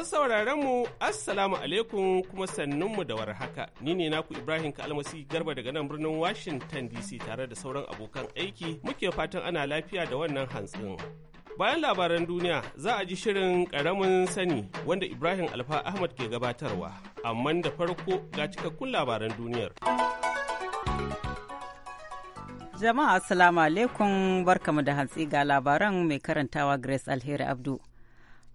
an sauraron mu Assalamu alaikum kuma sannunmu da warhaka. Ni ne naku Ibrahim Kalmasi Garba daga nan birnin Washington DC tare da sauran abokan aiki muke fatan ana lafiya da wannan hantsin. Bayan labaran duniya za a ji shirin karamin sani wanda Ibrahim Alfa Ahmad ke gabatarwa, amma da farko ga cikakkun labaran duniyar. Jama'a Assalamu alaikum barkamu da hantsi ga labaran mai karantawa Grace Alheri Abdu.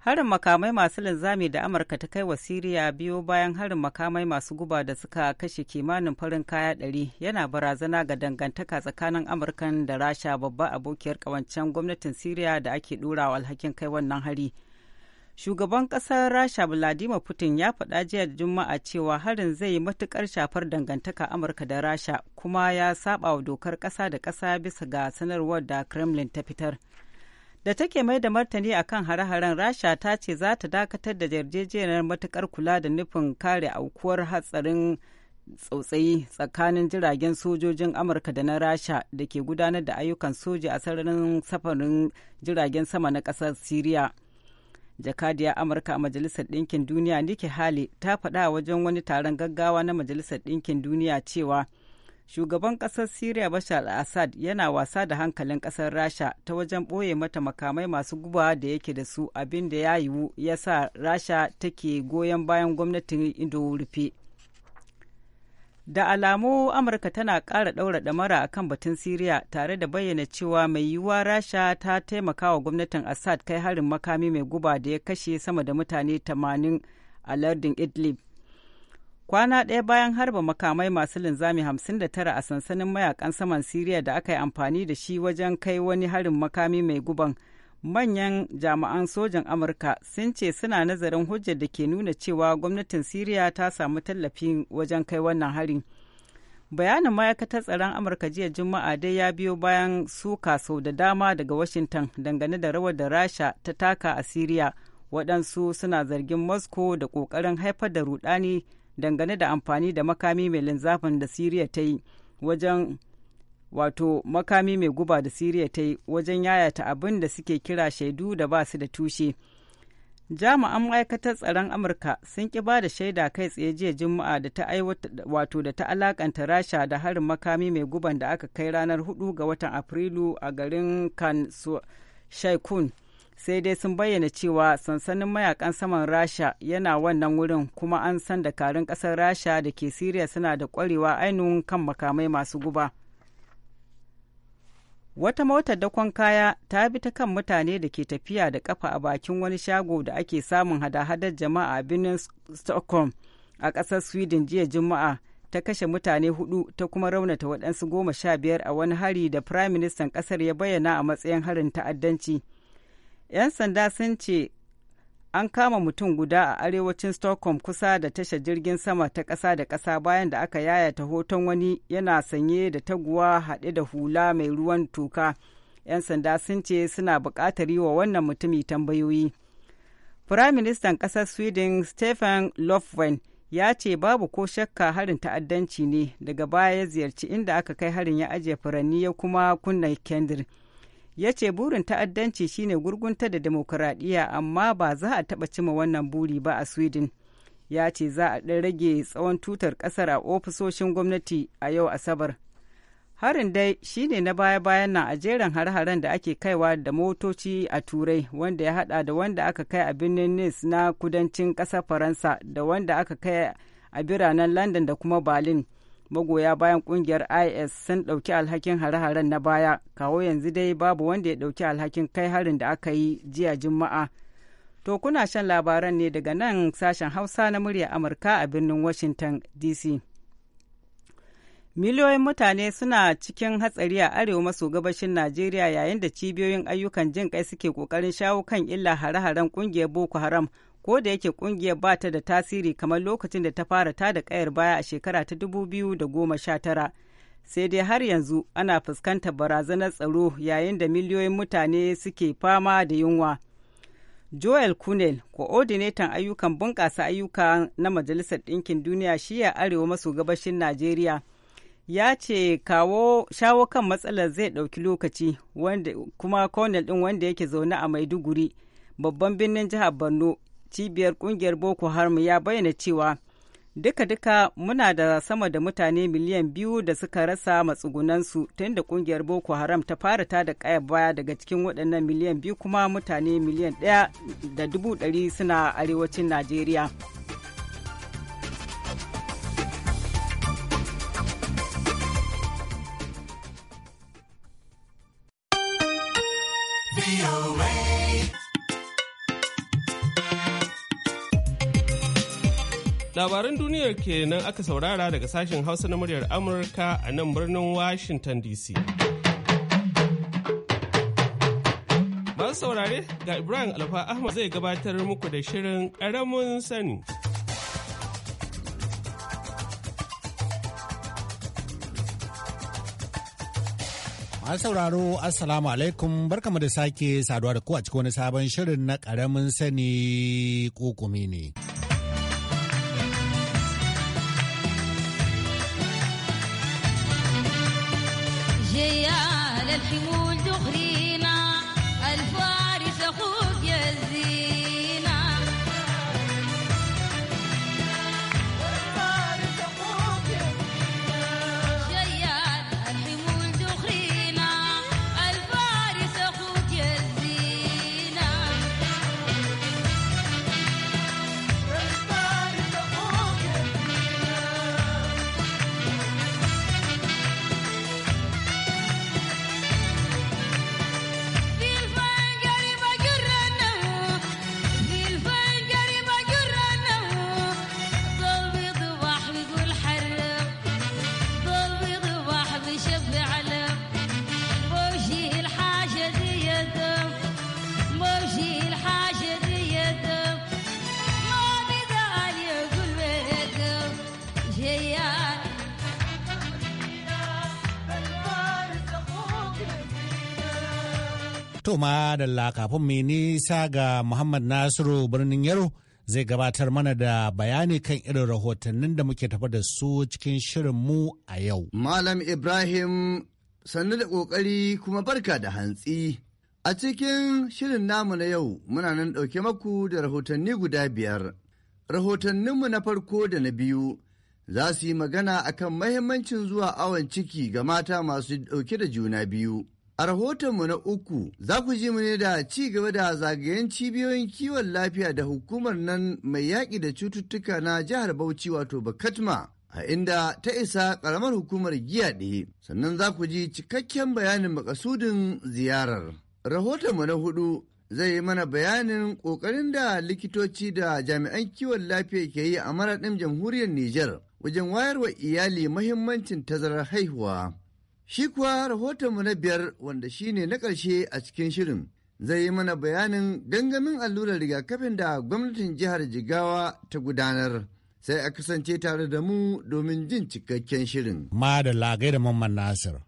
harin makamai masu linzami da amurka ta kai wa siriya biyo bayan harin makamai masu guba da suka kashe kimanin farin kaya ɗari yana barazana ga dangantaka tsakanin amurkan da rasha babba abokiyar kawancen gwamnatin siriya da ake wa alhakin kai wannan hari shugaban ƙasar rasha vladimir putin ya faɗa jiya da juma'a cewa harin zai yi matukar shafar dangantaka amurka da rasha kuma ya saba wa dokar ƙasa da ƙasa bisa ga sanarwar da kremlin ta fitar da take mai da martani akan hare-haren rasha ta ce za ta dakatar da yarjejeniyar matukar kula da nufin kare aukuwar hatsarin tsautsayi tsakanin jiragen sojojin amurka da na rasha da ke gudanar da ayyukan soji a sararin safarin jiragen sama na kasar syria jakadiyar amurka a majalisar ɗinkin duniya nike hali ta faɗa wajen wani taron gaggawa na majalisar ɗinkin duniya cewa shugaban ƙasar syria Bashar al-Assad yana wasa da hankalin ƙasar Rasha ta wajen ɓoye mata makamai masu guba da yake da su abin da ya yiwu ya sa Rasha take goyon bayan gwamnatin indo rufe. Da alamu Amurka tana ƙara ɗaura ɗamara a kan batun Siriya tare da bayyana cewa mai yiwuwa Rasha ta taimaka wa gwamnatin Assad kai harin makami mai guba da ya kashe sama da mutane 80 a lardin Idlib. kwana ɗaya bayan harba makamai masu linzami 59 a sansanin mayakan saman siriya da aka yi amfani da shi wajen kai wani harin makami mai guban manyan jami'an sojan amurka sun ce suna nazarin hujjar da ke nuna cewa gwamnatin siriya ta samu tallafi wajen kai wannan harin bayanin ma'aikatar tsaron amurka jiya juma'a dai ya biyo bayan suka sau da dama daga washington dangane da rawar da rasha ta taka a siriya waɗansu suna zargin moscow da ƙoƙarin haifar da ruɗani. dangane da amfani da makami mai linzafin da siriya ta yi wajen wato makami mai guba da siriya ta yi wajen yayata abin da suke kira shaidu da ba su da tushe jami'an ma'aikatar tsaron amurka sun ki ba da shaida kai tsaye jiya juma'a da ta wato da ta alakanta rasha da harin makami mai guban da aka kai ranar 4 ga watan afrilu a garin kan shaikun sai dai sun bayyana cewa sansanin mayakan saman rasha yana wannan wurin kuma an san dakarun kasar rasha da ke siriya suna da kwarewa ainihin kan makamai masu guba wata motar dakon kaya ta bi ta kan mutane da ke tafiya da kafa a bakin wani shago da ake samun hada-hadar jama'a a birnin stockholm a kasar sweden jiya juma'a ta kashe mutane hudu ta kuma raunata waɗansu goma sha biyar a wani hari da firayim ministan ƙasar ya bayyana a matsayin harin ta'addanci. 'Yan sanda sun ce an kama mutum guda a arewacin Stockholm kusa da tashar jirgin sama ta ƙasa da ƙasa bayan da aka yayata hoton wani yana sanye da taguwa haɗe da hula mai ruwan toka. 'Yan sanda sun ce suna buƙatar yi wa wannan mutumi tambayoyi. Firaministan ƙasar Sweden Stefan lofven ya ce babu ko shakka harin ta'addanci ne daga baya ya ziyarci inda aka kai harin ya ajiye furanni ya kuma kunna kendir. ya ce burin ta'addanci shine gurgunta da demokuraɗiyya amma ba za a taɓa cima wannan buri ba a sweden ya ce za a ɗan rage tsawon tutar ƙasar a ofisoshin gwamnati a yau asabar harin dai shine na baya-bayan nan a jerin har-haren da ake kaiwa da motoci a turai wanda ya hada da wanda aka kai a birnin nice na kudancin ƙasar faransa da wanda aka kai a biranen london da kuma berlin magoya bayan kungiyar is sun ɗauki alhakin hare-haren na baya kawo yanzu dai babu wanda ya ɗauki alhakin kai harin da aka yi jiya juma'a to kuna shan labaran ne daga nan sashen hausa na murya amurka a birnin washington dc miliyoyin mutane suna cikin hatsari a arewa maso gabashin najeriya yayin da cibiyoyin ayyukan jin kai suke kokarin shawo kan illa hare-haren kungiyar boko haram ko da yake kungiyar ba ta da tasiri kamar lokacin da ta fara ta da kayar baya a shekara ta 2019 sai dai har yanzu ana fuskantar barazanar tsaro yayin da miliyoyin mutane suke fama da yunwa joel kunel ko'odinetan ayyukan bunƙasa ayyuka na majalisar ɗinkin duniya shiya arewa maso gabashin najeriya ya ce kawo shawo kan matsalar zai ɗauki lokaci kuma konel ɗin wanda yake zaune a maiduguri babban birnin jihar borno cibiyar kungiyar boko haram ya bayyana cewa duka-duka muna da sama da mutane miliyan biyu da suka rasa matsugunansu tun da kungiyar boko haram ta fara ta da kaya baya daga cikin waɗannan miliyan biyu kuma mutane miliyan ɗaya da dubu ɗari suna arewacin najeriya Labaran duniyar kenan aka saurara daga sashen Hausa na muryar Amurka a nan birnin Washington DC. Masu saurare ga Ibrahim Alfa Ahmad zai gabatar muku da shirin ƙaramin sani. Masu sauraro Assalamu alaikum barkamu da sake saduwa da ku a cikin wani sabon shirin na karamin sani kokumi ne. ma da kafin mai nisa ga Muhammad Nasiru birnin Yaro zai gabatar mana da bayani kan irin rahotannin da muke tafa da su cikin shirin mu a yau. Malam Ibrahim sannu da ƙoƙari kuma barka da hantsi. A cikin shirin namu na yau muna nan ɗauke maku da rahotanni guda biyar. Rahotanninmu na farko da na biyu za su yi magana akan mahimmancin zuwa awon ciki ga mata masu ɗauke da juna biyu. A rahotonmu na uku za ku ji mu ne da ci gaba da zagayen cibiyoyin kiwon lafiya da hukumar nan mai yaƙi da cututtuka na jihar Bauchi wato Bakatma a inda ta isa ƙaramar hukumar Giya, ɗaya sannan za ku ji cikakken bayanin makasudin ziyarar. Rahotonmu na hudu zai yi mana bayanin ƙoƙarin da likitoci da jami'an kiwon lafiya ke yi a maraɗin jamhuriyar Nijar wajen wayarwa iyali mahimmancin tazarar haihuwa. Shi kuwa rahotonmu na biyar wanda shi ne na ƙarshe a cikin shirin zai yi mana bayanin gangamin allurar rigakafin da gwamnatin jihar Jigawa ta gudanar. Sai a kasance tare da mu domin jin cikakken shirin. Ma da lagai da Mamman Nasir.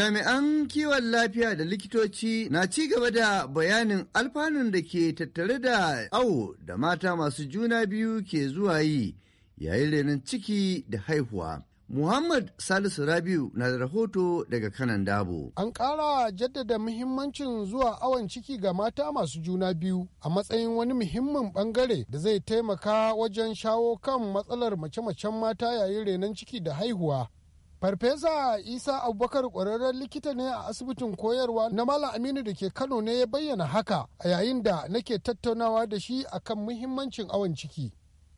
Jami'an kiwon lafiya da likitoci na ci gaba da bayanin alfanun da ke tattare da awo da mata masu juna biyu ke zuwa yi yayin renon ciki da haihuwa. Muhammad Salisu Rabiu na da rahoto daga kanan dabo. An ƙara jaddada muhimmancin zuwa awon ciki ga mata masu juna biyu a matsayin wani muhimmin bangare da zai taimaka wajen shawo kan matsalar mace-macen mata yayin renon ciki da haihuwa. Farfesa Isa Abubakar ƙwararren likita ne a asibitin koyarwa na Malam Aminu da ke Kano ne ya bayyana haka a yayin da nake tattaunawa da shi akan muhimmancin awon ciki.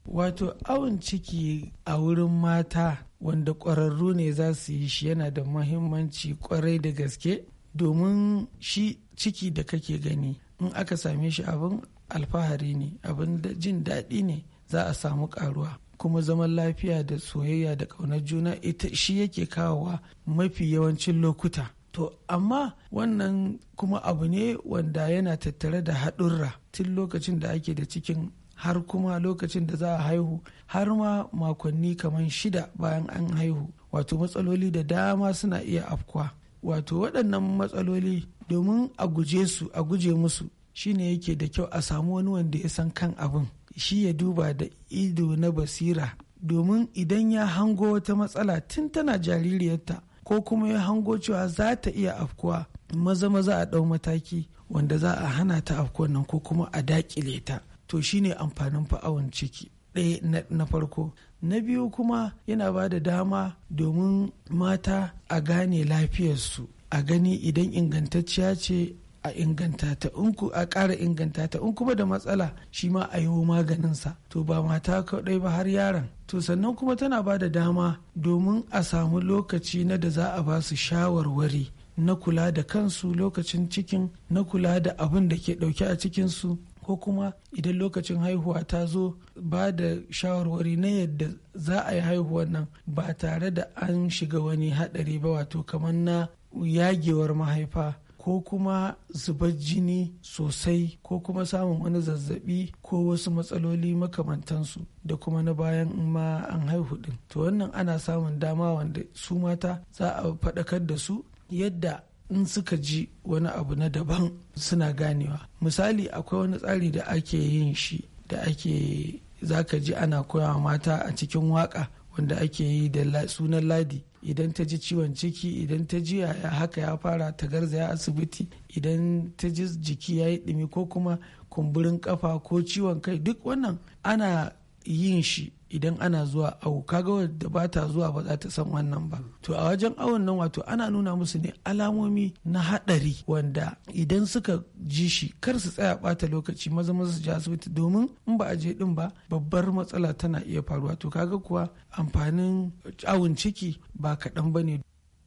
Wato awon ciki a wurin mata wanda ƙwararru ne za su yi shi yana da muhimmanci kwarai da gaske domin shi ciki da kake gani in aka same shi abin alfahari ne abin jin daɗi ne za a samu ƙaruwa. kuma zaman lafiya da soyayya da ƙaunar juna ita shi yake kawowa mafi yawancin lokuta to amma wannan kuma abu ne wanda yana tattare da haɗurra tun lokacin da ake da cikin har kuma lokacin da za a haihu har ma makonni kamar shida bayan an haihu wato matsaloli da dama suna iya afkuwa wato waɗannan matsaloli domin a guje su a guje musu shine yake da kyau a samu wani wanda ya san kan abin shi ya duba da ido na basira domin idan ya hango wata matsala tun tana jaririyarta ko kuma ya hango cewa za ta iya afkuwa maza maza a ɗau mataki wanda za a hana ta afkuwar nan ko kuma a daƙile ta to shine amfanin fa'awan ciki ɗaya na farko na biyu kuma yana ba da dama domin mata a gane lafiyarsu a gani idan ingantacciya ce a inganta ta in a ƙara inganta ta in kuma da matsala shi ma a yi maganin sa to ba mata kaɗai ba har yaron to sannan kuma tana ba da dama domin a samu lokaci na da za a ba su shawarwari na kula da kansu lokacin cikin na kula da abin da ke ɗauke a cikin su ko kuma idan lokacin haihuwa ta zo ba da shawarwari na yadda za a yi haihuwar nan ba tare da an shiga wani haɗari ba wato kamar na yagewar mahaifa ko kuma zubar jini sosai ko kuma samun wani zazzabi ko wasu matsaloli makamantansu da kuma na bayan ma an haihu din to wannan ana samun dama wanda su mata za a faɗakar da su yadda in suka ji wani abu na daban suna ganewa misali akwai wani tsari da ake yin shi da ake zaka ji ana koyawa mata a cikin waka wanda ake yi da sunan ladi idan ta ji ciwon ciki idan ta ji yaya haka ya fara ta garzaya asibiti idan ta ji jiki ya yi ɗumi ko kuma kumburin kafa ko ciwon kai duk wannan ana yin shi idan ana zuwa awo kaga wadda ba ta zuwa ba za ta san wannan ba to a wajen awon nan wato ana nuna musu ne alamomi na hadari wanda idan suka ji shi kar su tsaya bata lokaci maza maza su ji asibiti domin in ba a je din ba babbar matsala tana iya faruwa to kaga kuwa amfanin awon ciki ba kaɗan ba ne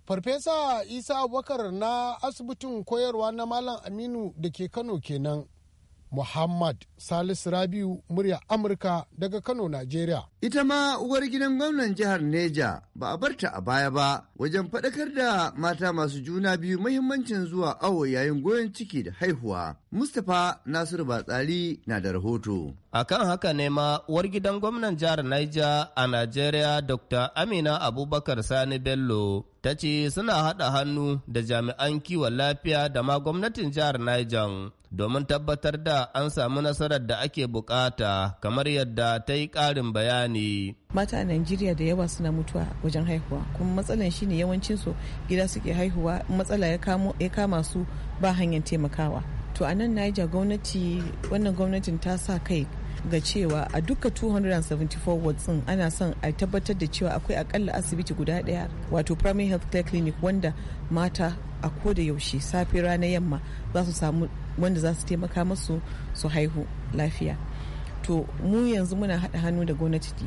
Farfesa Isa Abubakar na asibitin koyarwa na Malam Aminu da ke Kano kenan Muhammad Salisu Rabiu murya Amurka daga Kano, Najeriya. Ita ma uwar gidan gwamnan jihar Neja ba a barta a baya ba wajen faɗakar da mata masu juna biyu mahimmancin zuwa awo yayin goyon ciki da haihuwa. Mustapha Nasiru Batsari na da rahoto. A kan haka ne ma uwar gidan gwamnan jihar Niger a Najeriya Dr. Amina Abubakar Sani Bello ta ce suna haɗa hannu da jami'an kiwon lafiya da ma gwamnatin jihar Niger domin tabbatar da an samu nasarar da ake bukata kamar yadda ta yi ƙarin bayani. Mata a Najeriya da yawa suna mutuwa wajen haihuwa kuma matsalan shi ne yawancinsu gida suke haihuwa matsala ya kama su ba hanyar taimakawa. to a nan niger gwamnati wannan gwamnatin ta sa kai ga cewa a duka 274 wards din ana son a tabbatar da cewa akwai akalla asibiti guda daya wato primary health care clinic wanda mata a ko da yaushe safe rana yamma za su samu wanda za su taimaka musu su haihu lafiya to mu yanzu muna haɗa hannu da gwamnati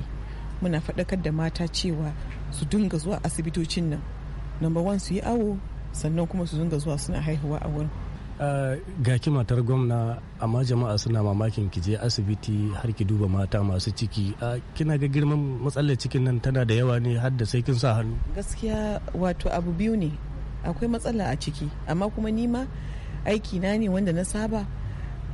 muna faɗakar da mata cewa su dinga zuwa asibitocin nan number one su yi awo sannan kuma su dinga zuwa suna haihuwa a wurin Eh, ga matar gwamna amma jama'a suna mamakin ki je asibiti har ki duba mata masu ciki eh, kina ga girman matsalar cikin nan tana da yawa ne har da sai kin sa hannu gaskiya wato abu biyu ne akwai matsala a ciki amma kuma nima aiki na ne wanda na saba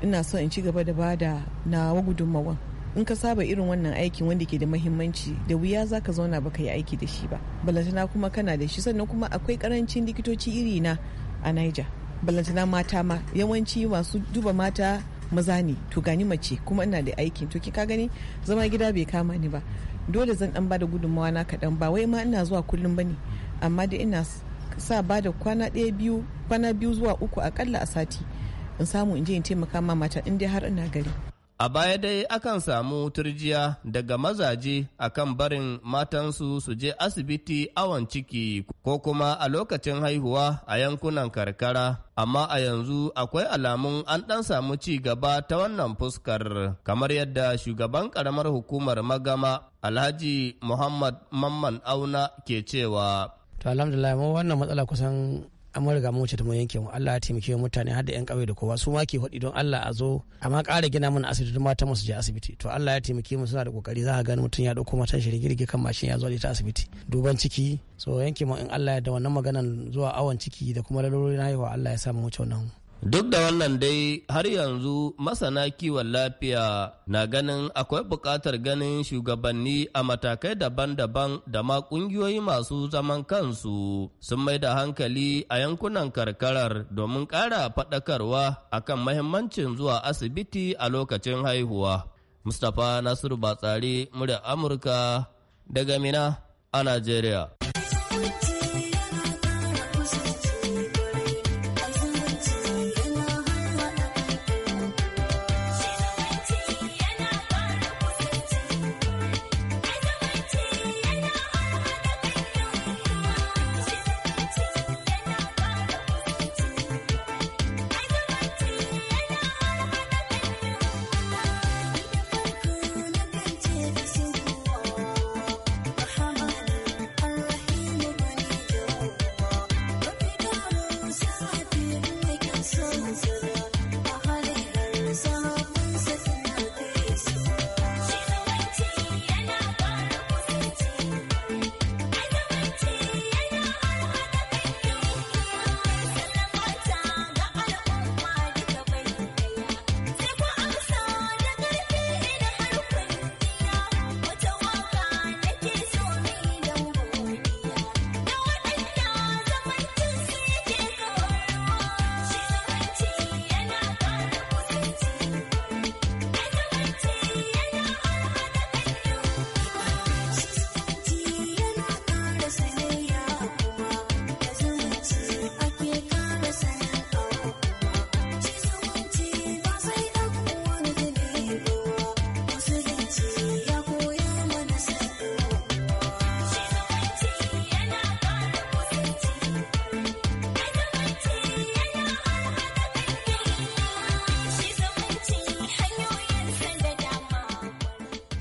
ina so in ci gaba da bada na gudunmawan in ka saba irin wannan aikin wanda ke da mahimmanci da wuya za ka zauna baka yi aiki da shi ba balantana kuma kana da shi sannan kuma akwai karancin likitoci iri na a niger balantana mata ma yawanci masu duba mata maza ne to gani mace kuma ina da aikin to ka gani zama gida bai kama ni ba dole zan dan bada gudunmawa na kaɗan ba wai ma ina zuwa kullum ba ne amma da ina sa bada kwana ɗaya biyu kwana biyu zuwa uku akalla a sati in samu in je in taimaka ma mata in dai har ina gari A baya dai akan samu turjiya daga mazaje akan barin matansu su je asibiti awon ciki ko kuma a lokacin haihuwa a yankunan karkara. Amma a yanzu akwai alamun an ɗan samu ci gaba ta wannan fuskar kamar yadda shugaban ƙaramar hukumar magama Alhaji Muhammad Mamman Auna ke cewa. To alhamdulillah mu wannan matsala kusan amma riga mun wuce ta mun yanke mu Allah ya taimake mu mutane har da yan kauye da kowa su ma ke hudi don Allah a zo amma ƙara gina mana asibiti mata musu je asibiti to Allah ya taimake mu suna da kokari za ka gani mutum ya ɗauko matan shi rigirgi kan mashin ya zo da asibiti duban ciki so yanke mu in Allah ya da wannan maganan zuwa awon ciki da kuma lalurori na haihuwa Allah ya samu mu wuce wannan Duk da wannan dai har yanzu masana kiwon lafiya na ganin akwai buƙatar ganin shugabanni a matakai daban-daban da ma ƙungiyoyi masu zaman kansu sun mai da hankali a yankunan karkarar domin ƙara faɗakarwa akan mahimmancin zuwa asibiti a lokacin haihuwa. Mustapha Nasiru Batsari, murya Amurka daga Mina a Najeriya.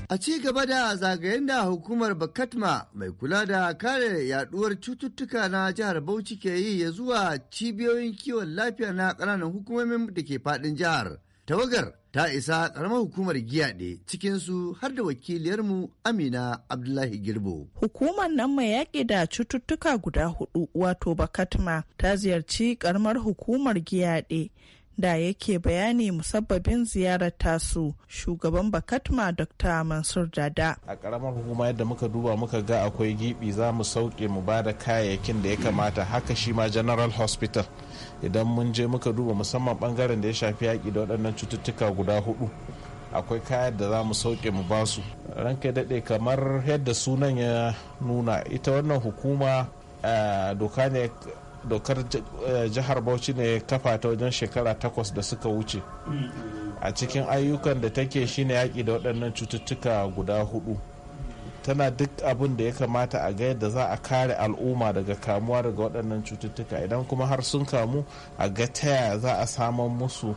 A ci gaba da zagayen da hukumar Bakatma mai kula da kare yaduwar cututtuka na jihar Bauchi ke yi ya zuwa cibiyoyin kiwon lafiya na ƙananan hukumomin da ke faɗin jihar. Tawagar ta isa karamar hukumar giyaɗe cikinsu har da wakiliyarmu amina abdullahi girbo hukumar nan mai yaƙi da cututtuka guda hudu wato bakatma ta ziyarci ƙaramar hukumar giyaɗe da yake bayani musabbabin ziyarar tasu shugaban bakatma dr mansur dada a karamar hukuma yadda muka duba muka ga akwai gibi za mu sauke mu ba da kayayyakin da ya kamata haka shi ma general hospital idan mun je muka duba musamman bangaren da ya shafi yaki da waɗannan cututtuka guda hudu akwai kayan da za mu sauke mu ba su ranka daɗe kamar yadda sunan ya nuna ita wannan hukuma eh, doka ne dokar eh, jihar bauchi ne kafa ta wajen shekara takwas da suka wuce a cikin ayyukan da take shine yaƙi da waɗannan cututtuka guda hudu tana duk abin da ya kamata a ga yadda za a kare al'umma daga kamuwa daga waɗannan cututtuka idan kuma har sun kamu a ga ta yaya za a samun musu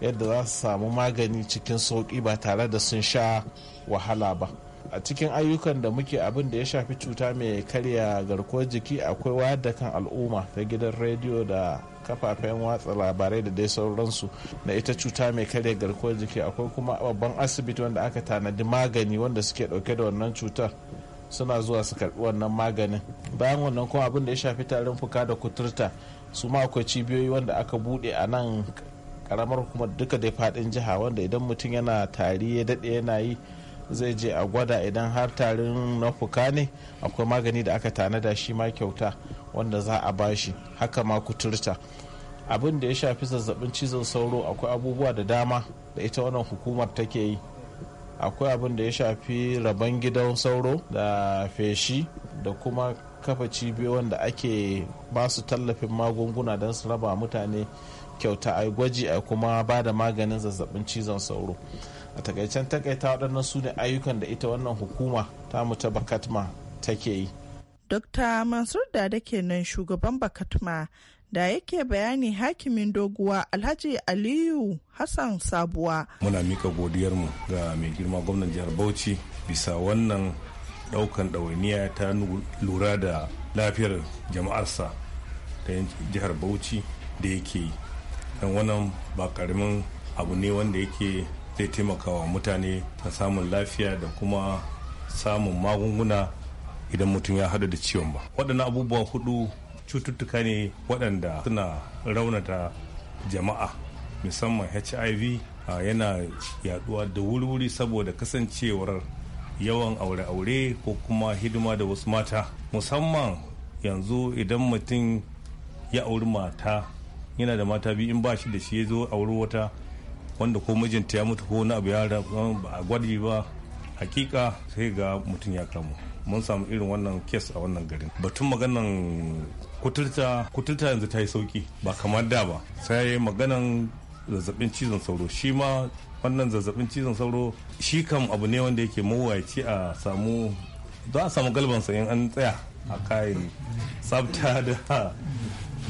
yadda za su samu magani cikin sauƙi ba tare da sun sha wahala ba. a cikin ayyukan da muke abin da ya shafi cuta mai karya garkuwar jiki akwai wayar da kan al'umma ta gidan rediyo da kafafen watsa labarai da dai sauransu na ita cuta mai karya garkuwar jiki akwai kuma babban asibiti wanda aka tanadi magani wanda suke dauke da wannan cutar suna zuwa su karbi wannan maganin bayan wannan kuma abin da ya shafi tarin fuka da kuturta su ma akwai cibiyoyi wanda aka bude a nan karamar hukumar duka dai fadin jiha wanda idan mutum yana tari ya dade yana yi zai je a gwada idan har tarin na fuka ne akwai magani da aka tanada shi ma kyauta wanda za a bashi haka ma kuturta abin da ya shafi zazzabin cizon sauro akwai abubuwa da dama da ita wannan hukumar take yi akwai abin da ya shafi rabon gidan sauro da feshi da kuma kafa cibiyoyin da ake basu tallafin magunguna don su raba mutane kyauta a gwaji a kuma ba da maganin zazzabin cizon sauro a takaicen takaita waɗannan su ne ayyukan da ita wannan hukuma ta mu ta bakatma take yi dr mansur da dake nan shugaban bakatma da yake bayani hakimin doguwa alhaji aliyu hassan sabuwa muna mika godiyarmu ga mai girma gwamnan jihar bauchi bisa wannan daukan ɗawainiya ta lura da lafiyar jama'arsa ta jihar bauchi da yake yi don wannan ba karamin abu ne wanda yake zai taimakawa mutane ta samun lafiya da kuma samun magunguna idan mutum ya hada da ciwon ba waɗannan abubuwa hudu cututtuka ne waɗanda suna raunata jama'a musamman hiv yana yaduwa da wuri-wuri saboda kasancewar yawan aure-aure ko kuma hidima da wasu mata musamman yanzu idan mutum ya auri mata yana da mata biyu in ba shi da shi ya zo auri wata wanda ko mijinta ya mutu ko na abu ya ba a gwaji ba hakika sai ga mutum ya kamu mun samu irin wannan kes a wannan garin batun maganan kuturta kuturta yanzu ta yi sauki ba kamar da ba sai maganan zazzabin cizon sauro shi ma wannan zazzabin cizon sauro shi kam abu ne wanda yake mawaci a samu za a samu galbansa in an tsaya a kayan tsabta da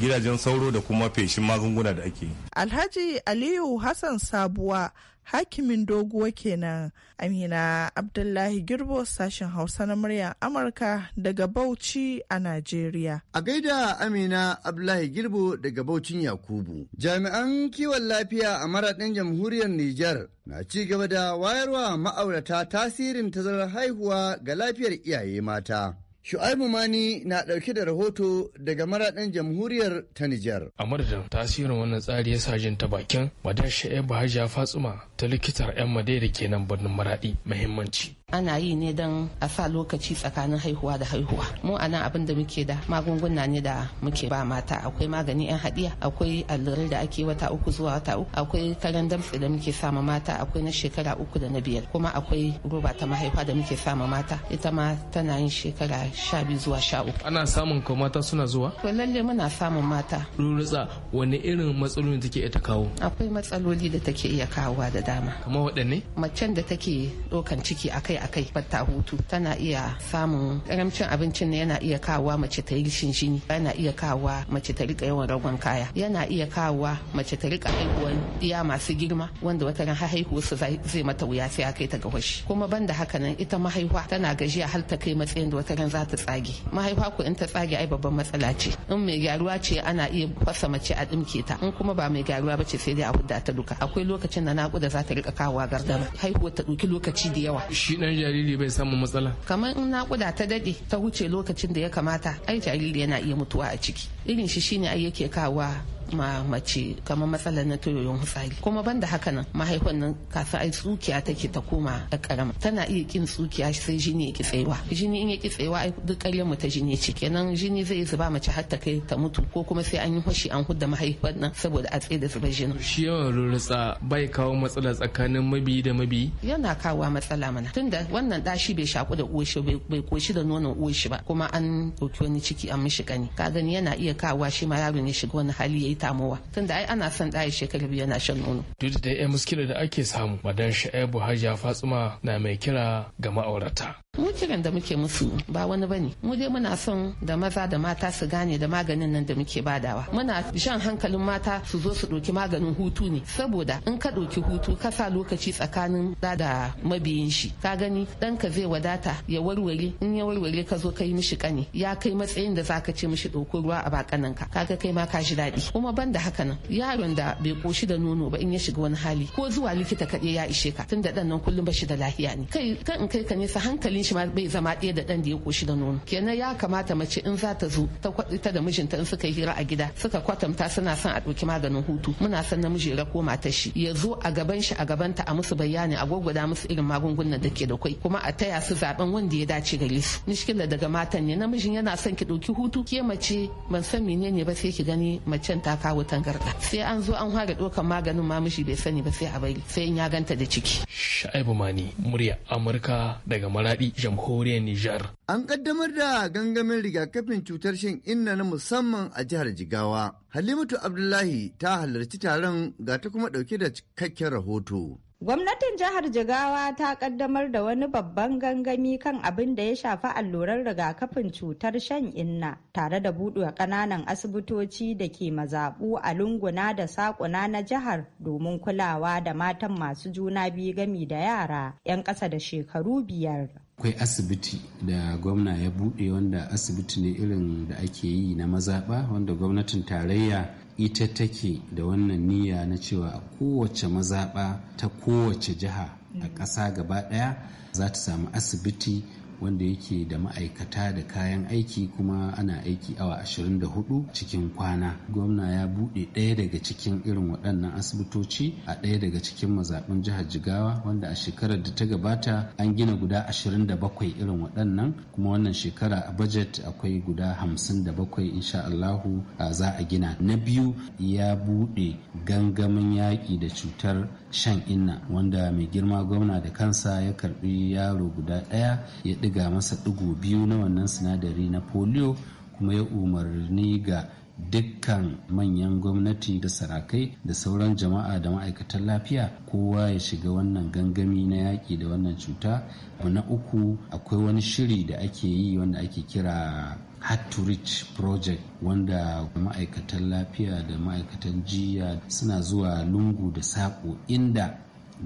gidajen sauro da kuma feshin magunguna da ake alhaji aliyu hassan sabuwa hakimin doguwa kenan amina abdullahi girbo sashen hausa na muryar amurka daga bauchi a najeriya a gaida amina abdullahi girbo daga baucin yakubu jami'an kiwon lafiya a maraɗin jamhuriyar nijar na ci gaba da wayarwa ma'aurata tasirin tazarar haihuwa ga lafiyar iyaye mata Shu'aibu Mani na ɗauke da rahoto daga maraɗin jamhuriyar ta Nijar. A madadin tasirin wannan tsari ya sajin ta bakin Madar Sha'ibu Hajiya Fatsuma ta likitar 'yan madaida kenan birnin maradi mahimmanci. ana yi ne don a sa lokaci tsakanin haihuwa da haihuwa mu a nan abin da muke da magunguna ne da muke ba mata akwai magani yan haɗiya akwai allurai da ake wata uku zuwa wata uku akwai karen damtse da muke sama mata akwai na shekara uku da na biyar kuma akwai roba ta mahaifa da muke sama mata ita ma tana yin shekara sha biyu zuwa sha uku ana samun ko mata suna zuwa to lalle muna samun mata rurutsa wani irin matsaloli take ita kawo akwai matsaloli da take iya kawowa da dama kamar waɗanne macen da take ɗaukan ciki akai akai fata hutu tana iya samun karamcin abincin yana iya kawowa mace ta yi shinshini yana iya kawowa mace ta riƙa yawan ragon kaya yana iya kawowa mace ta riƙa haihuwar iya masu girma wanda wata ran haihuwar zai mata wuya sai a kai ta ga washi kuma banda haka nan ita mahaifa tana gajiya har ta kai matsayin da wata ran za ta tsage mahaifa ko in ta tsage ai babban matsala ce in mai gyaruwa ce ana iya fasa mace a ɗimke ta in kuma ba mai gyaruwa ba ce sai dai a hudda ta duka akwai lokacin da naƙuda za ta rika kawowa gardama haihuwa ta ɗauki lokaci da yawa shi dan jariri bai samu matsala kamar in naƙuda ta dade ta wuce lokacin da ya kamata ai jariri yana iya mutuwa a ciki irin shi shine ai yake kawa ma mace kamar matsalar na tayoyin fitsari kuma banda haka nan mahaifan nan kasa ai tsukiya take ta koma da karama tana iya kin tsukiya sai jini ya kitsewa jini in ya kitsewa ai duk ƙaryar mu ta jini ce kenan jini zai zuba mace har ta kai ta mutu ko kuma sai an yi hoshi an hudda mahaifan nan saboda a tsaye da zuba jini shi yawan rurutsa bai kawo matsala tsakanin mabi da mabi yana kawo matsala mana tunda wannan dashi bai shaku da shi bai koshi da nonon shi ba kuma an ɗauki wani ciki an mishi kani ka gani yana iya kawowa shi ma yaro ne shiga wani hali ya yi tamowa tunda ai ana son ɗaya shekaru biyu yana shan nono. Duk da 'yan eh, muskila da ake samu madan sha'ebu Hajiya Fatsuma na mai kira ga ma'aurata. mu kiran da muke musu ba wani bane mu dai muna son da maza da mata su gane da maganin nan da muke badawa muna shan hankalin mata su zo su ɗauki maganin hutu ne saboda in ka ɗauki hutu ka sa lokaci tsakanin da da mabiyin shi ka gani dan ka zai wadata ya warware in ya warware ka zo ka yi mishi kane ya kai matsayin da zaka ce mishi ɗauko ruwa a bakanan ka kaga kai ma ka ji daɗi kuma ban da haka nan yaron da bai koshi da nono ba in ya shiga wani hali ko zuwa likita kaɗai ya ishe ka tunda ɗan nan kullum ba shi da lafiya ne kai kan kai ka nesa hankalin shi ma bai zama ɗaya da ɗan da ya koshi da nono kenan ya kamata mace in za ta zo ta kwaɗita da mijinta in suka yi hira a gida suka kwatanta suna son a ɗauki maganin hutu muna son namiji ya ko mata shi ya zo a gaban shi a gabanta a musu bayani a gwagwada musu irin magungunan da ke da kwai kuma a taya su zaben wanda ya dace gare su mishkila daga matan ne namijin yana son ki ɗauki hutu ke mace ban san menene ba sai ki gani macen ta kawo tangarɗa sai an zo an fara ɗaukan maganin ma miji bai sani ba sai a bari sai in ya ganta da ciki. Sha'ibu Mani murya Amurka daga Maradi jamhuriyar Nijar. An kaddamar da gangamin rigakafin cutar shan inna na musamman a jihar Jigawa. Halimatu Abdullahi ta halarci taron ga ta kuma dauke da cikakken rahoto. Gwamnatin jihar Jigawa ta kaddamar da wani babban gangami kan abin da ya shafi alluran rigakafin cutar shan inna tare da buɗe ƙananan asibitoci da ke mazaɓu a lunguna da saƙuna na jihar domin kulawa da matan masu juna biyu gami da yara 'yan ƙasa da shekaru biyar. akwai asibiti da gwamna ya buɗe wanda asibiti ne irin da ake yi na mazaɓa wanda gwamnatin tarayya ita take da wannan niyya na cewa a kowace mazaɓa ta kowace jiha a mm. ƙasa gaba ɗaya za ta samu asibiti wanda yake da ma'aikata da kayan aiki kuma ana aiki awa 24 cikin kwana gwamna ya buɗe ɗaya daga cikin irin waɗannan asibitoci a ɗaya daga cikin mazaɓin jihar jigawa wanda a shekarar da ta gabata an gina guda 27 irin waɗannan kuma wannan shekara a budget akwai guda 57 insha Allahu za a gina na biyu ya buɗe gangamin yaƙi da cutar shan inna wanda mai girma gwamna da kansa ya karɓi yaro guda ɗaya ya ɗiga masa ɗigo biyu na wannan sinadari na polio kuma ya umarni ga dukkan manyan gwamnati da sarakai da sauran jama'a da ma'aikatan lafiya kowa ya shiga wannan gangami na yaƙi da wannan cuta na uku akwai wani shiri da ake yi wanda ake kira hard to reach project wanda ma'aikatan lafiya da ma'aikatan jiya suna zuwa lungu da saƙo inda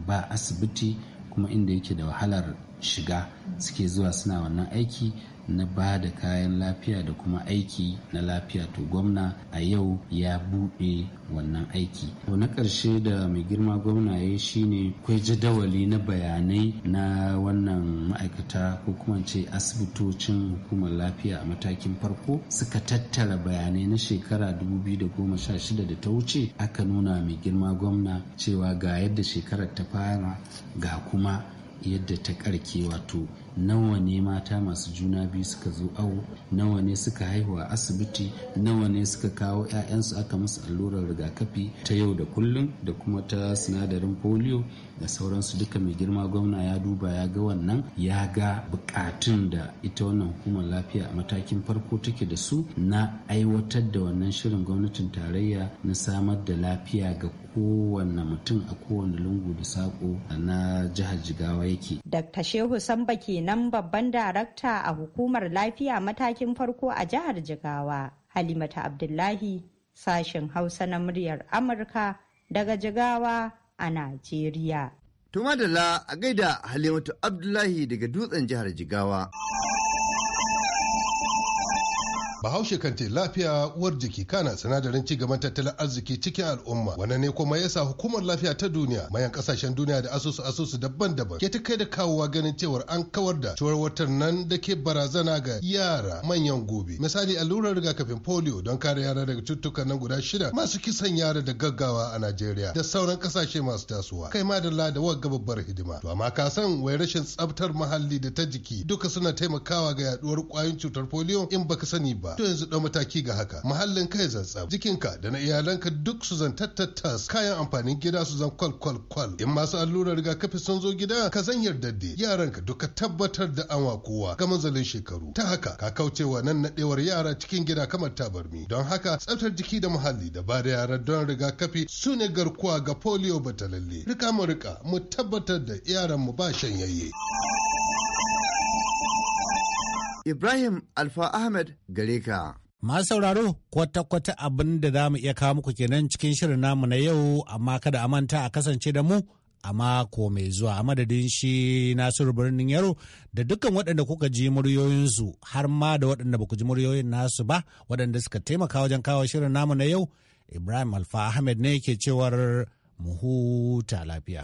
ba asibiti kuma inda yake da wahalar shiga suke zuwa suna wannan aiki na ba da kayan lafiya da kuma aiki na lafiya to gwamna a yau ya buɗe wannan aiki to na ƙarshe da mai girma gwamna ya yi shine kwai jadawali na bayanai na wannan ma'aikata ko kuma ce asibitocin hukumar lafiya a matakin farko suka tattara bayanai na shekara 2016 da ta wuce aka nuna mai girma gwamna cewa ga yadda shekarar ta fara ga kuma yadda ta karke wato nawa ne mata masu juna biyu suka zo awo nawa ne suka haihu a asibiti nawa ne suka kawo 'ya'yansu aka musu allurar rigakafi ta yau da kullum da kuma ta sinadarin polio da sauransu duka mai girma gwamna ya duba ya ga wannan ya ga bukatun da ita wannan hukumar lafiya a matakin farko take da su na aiwatar da wannan shirin gwamnatin tarayya na samar da lafiya ga kowane mutum a kowane lungu da sako na jihar jigawa yake. Dr. Shehu Samba kenan babban darakta a hukumar lafiya matakin farko a jihar Jigawa. Halimata Abdullahi sashen Hausa na muryar Amurka daga Jigawa a Najeriya. Tuma da la a gaida Halimatu Abdullahi daga dutsen jihar Jigawa. Bahaushe kan lafiya uwar jiki kana sinadarin ci gaban tattalin arziki cikin al'umma. Wannan ne kuma yasa hukumar lafiya ta duniya mayan kasashen duniya da asusu asusu daban-daban ke ta kai da kawowa ganin cewar an kawar da cutar nan da ke barazana ga yara manyan gobe. Misali allurar rigakafin polio don kare yara daga cututtukan nan guda shida masu kisan yara da gaggawa a Najeriya da sauran kasashe masu tasowa. Kai ma da da ga babbar hidima. To amma ka san wai rashin tsabtar muhalli da ta jiki duka suna taimakawa ga yaduwar kwayoyin cutar polio in baka sani ba. ba to yanzu ɗau mataki ga haka muhallin kai zantsam jikinka da na iyalanka duk su zan tattattas kayan amfanin gida su zan kwal kwal kwal in masu allurar rigakafi sun zo gida ka zan yarda da yaranka duka tabbatar da an kowa ga manzalin shekaru ta haka ka kaucewa nan naɗewar yara cikin gida kamar tabarmi don haka tsaftar jiki da muhalli da ba da yara don rigakafi su ne garkuwa ga polio batalalle rika mu rika mu tabbatar da yaran mu ba shanyayye. Ibrahim Alfa Ahmed gare ka. Masu sauraro kwata-kwata abin da za mu iya kawo muku kenan cikin shirin namu na yau amma kada a manta a kasance da mu a mako mai zuwa a madadin shi nasiru birnin yaro da dukkan waɗanda kuka ji muryoyinsu har ma da waɗanda ba ku ji muryoyin nasu ba waɗanda suka taimaka wajen kawo shirin namu na yau ibrahim alfa ahmed ne ke cewar mu huta lafiya.